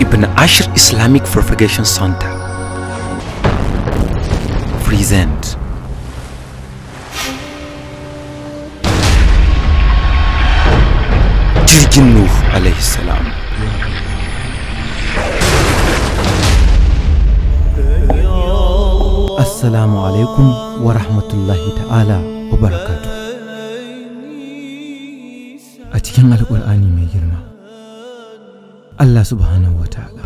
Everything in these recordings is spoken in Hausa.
Ibn Ashir Islamic Propagation Center present jirgin Nuh alaihi salam Assalamu alaikum wa rahmatullahi ta'ala wa barakatuh a cikin alƙur'ani mai girma Allah subhanahu ta'ala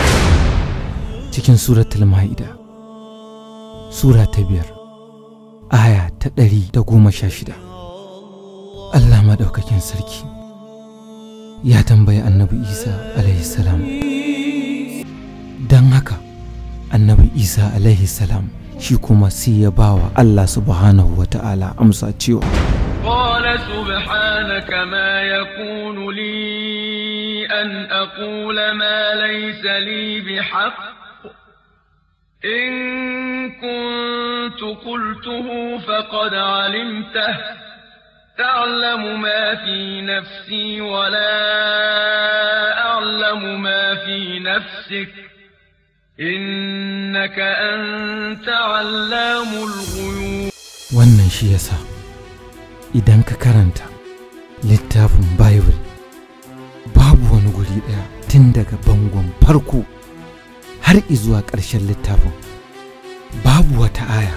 cikin suratul ma'ida sura ta biyar aya ta ɗari da goma sha shida Allah maɗaukakin sarki ya tambayi annabi isa alaihi salam don haka annabi isa alaihi salam shi kuma sai ya bawa Allah subhanahu ta'ala amsa cewa قال سبحانك ما يكون لي أن أقول ما ليس لي بحق إن كنت قلته فقد علمته تعلم ما في نفسي ولا أعلم ما في نفسك إنك أنت علام الغيوب وانا shi إذا كرنت ka karanta guri ɗaya tun daga bangon farko har zuwa ƙarshen littafin babu wata aya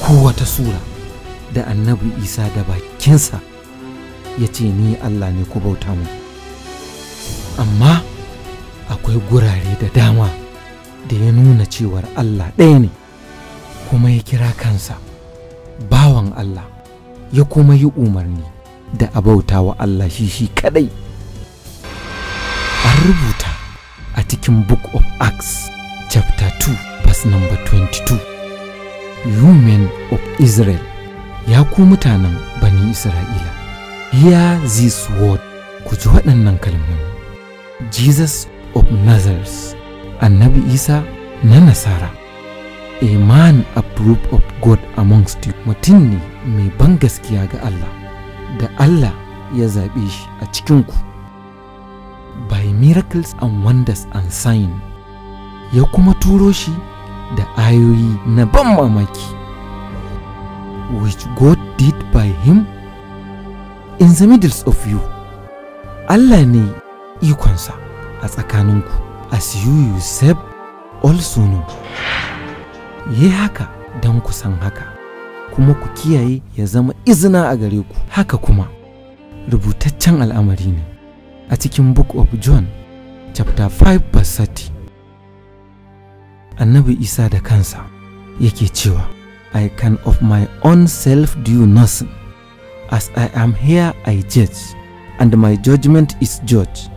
ko wata sura da annabi isa da bakinsa ya ce ni allah ne ku bauta mu amma akwai gurare da dama da ya nuna cewar allah ɗaya ne kuma ya kira kansa bawan allah ya kuma yi umarni da a bauta allah shi shi kadai a cikin book of acts chapter 2 verse number 22 women of israel ya ku mutanen bani isra'ila hear this word ku ji waɗannan kalmomi jesus of nazareth annabi isa na nasara a man approved of god amongst you mutum ne mai ban gaskiya ga allah da allah ya zaɓe shi a cikinku miracles and wonders and sign ya kuma turo shi da ayoyi na ban mamaki which God did by him in the middle of you Allah ne ikonsa a tsakaninku as you yourself also know yi haka don ku san haka kuma ku kiyaye ya zama izina a gare ku haka kuma rubutaccen al'amari ne a cikin book of john chapter 5 verse 30 annabi isa da kansa yake cewa i can of my own self do nothing as i am here i judge and my judgment is judge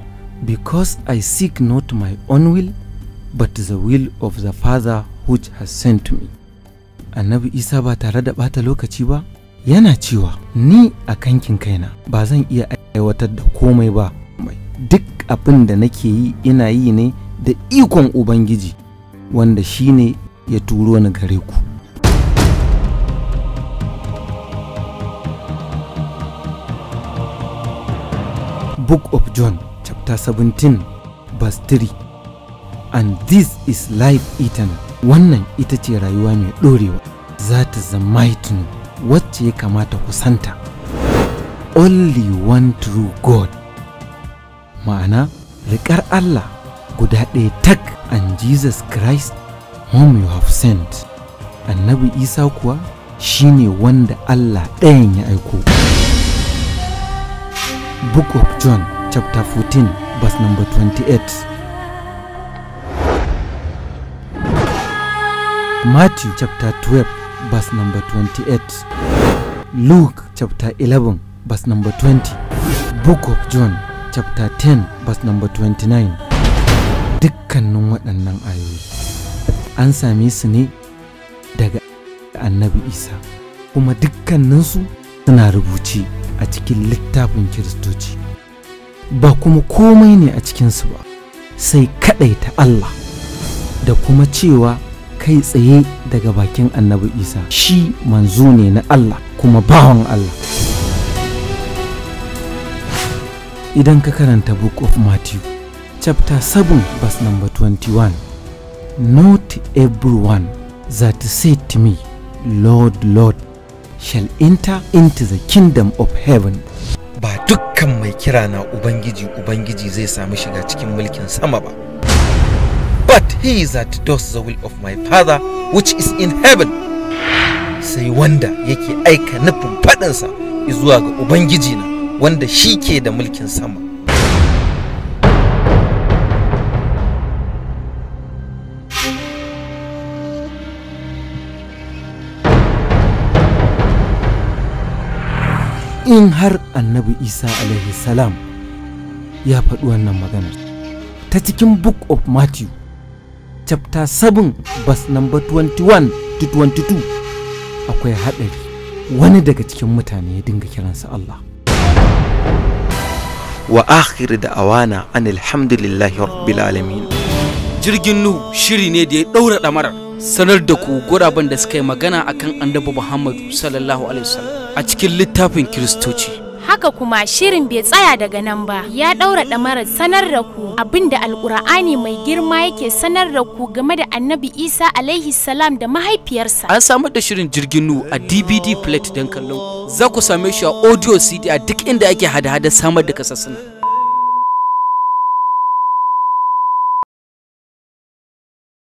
because i seek not my own will but the will of the father which has sent me annabi isa ba tare da bata lokaci ba yana cewa ni a kankin kaina ba zan iya aiwatar da komai ba duk abin da nake yi ina yi ne da ikon ubangiji wanda shine ya turo ni gare ku book of john chapter 17 verse 3 and this is life eternal wannan ita ce rayuwa mai ɗorewa za ta zama wacce ya kamata ku santa only one true god ma'ana riƙar Allah guda ɗaya tak and Jesus Christ whom you have sent annabi Isa kuwa shine wanda Allah ɗayan ya aiko Book of John chapter 14 verse number 28 Matthew chapter 12 verse number 28 Luke chapter 11 verse number 20 Book of John chapter 10 verse number 29 dukkanin waɗannan ayoyi an same su ne daga annabi isa kuma dukkaninsu suna rubuce a cikin littafin kiristoci ba kuma komai ne a cikinsu ba sai kaɗai ta Allah da kuma cewa kai tsaye daga bakin annabi isa shi manzo ne na Allah kuma bawan Allah idan ka karanta book of matthew chapter 7 verse number 21 not everyone that said to me lord lord shall enter into the kingdom of heaven ba dukkan mai kira na ubangiji ubangiji zai samu shiga cikin mulkin sama ba but he that does the will of my father which is in heaven sai wanda yake aika nufin faɗinsa zuwa ga ubangiji na wanda shi ke da mulkin sama in har annabi isa alaihi salam ya faɗi wannan magana ta cikin book of matthew chapter 7 verse number 21 to 22 akwai haɗari wani daga cikin mutane ya dinga kiransa allah wa akhir da awana an alhamdulillahi rabbil alamin jirgin nu shiri ne da ya daura damarar sanar da ku guraben da suka yi magana akan annabi muhammadu sallallahu alaihi wasallam a cikin littafin kiristoci haka kuma shirin bai tsaya daga nan ba ya ɗaura ɗamarar sanar da ku abinda da alƙur'ani mai girma yake sanar da ku game da annabi isa alaihi salam da mahaifiyarsa an samar da shirin jirgin nu a dvd plate don kallon za ku same shi a audio cd a duk inda ake hada-hada samar da kasassuna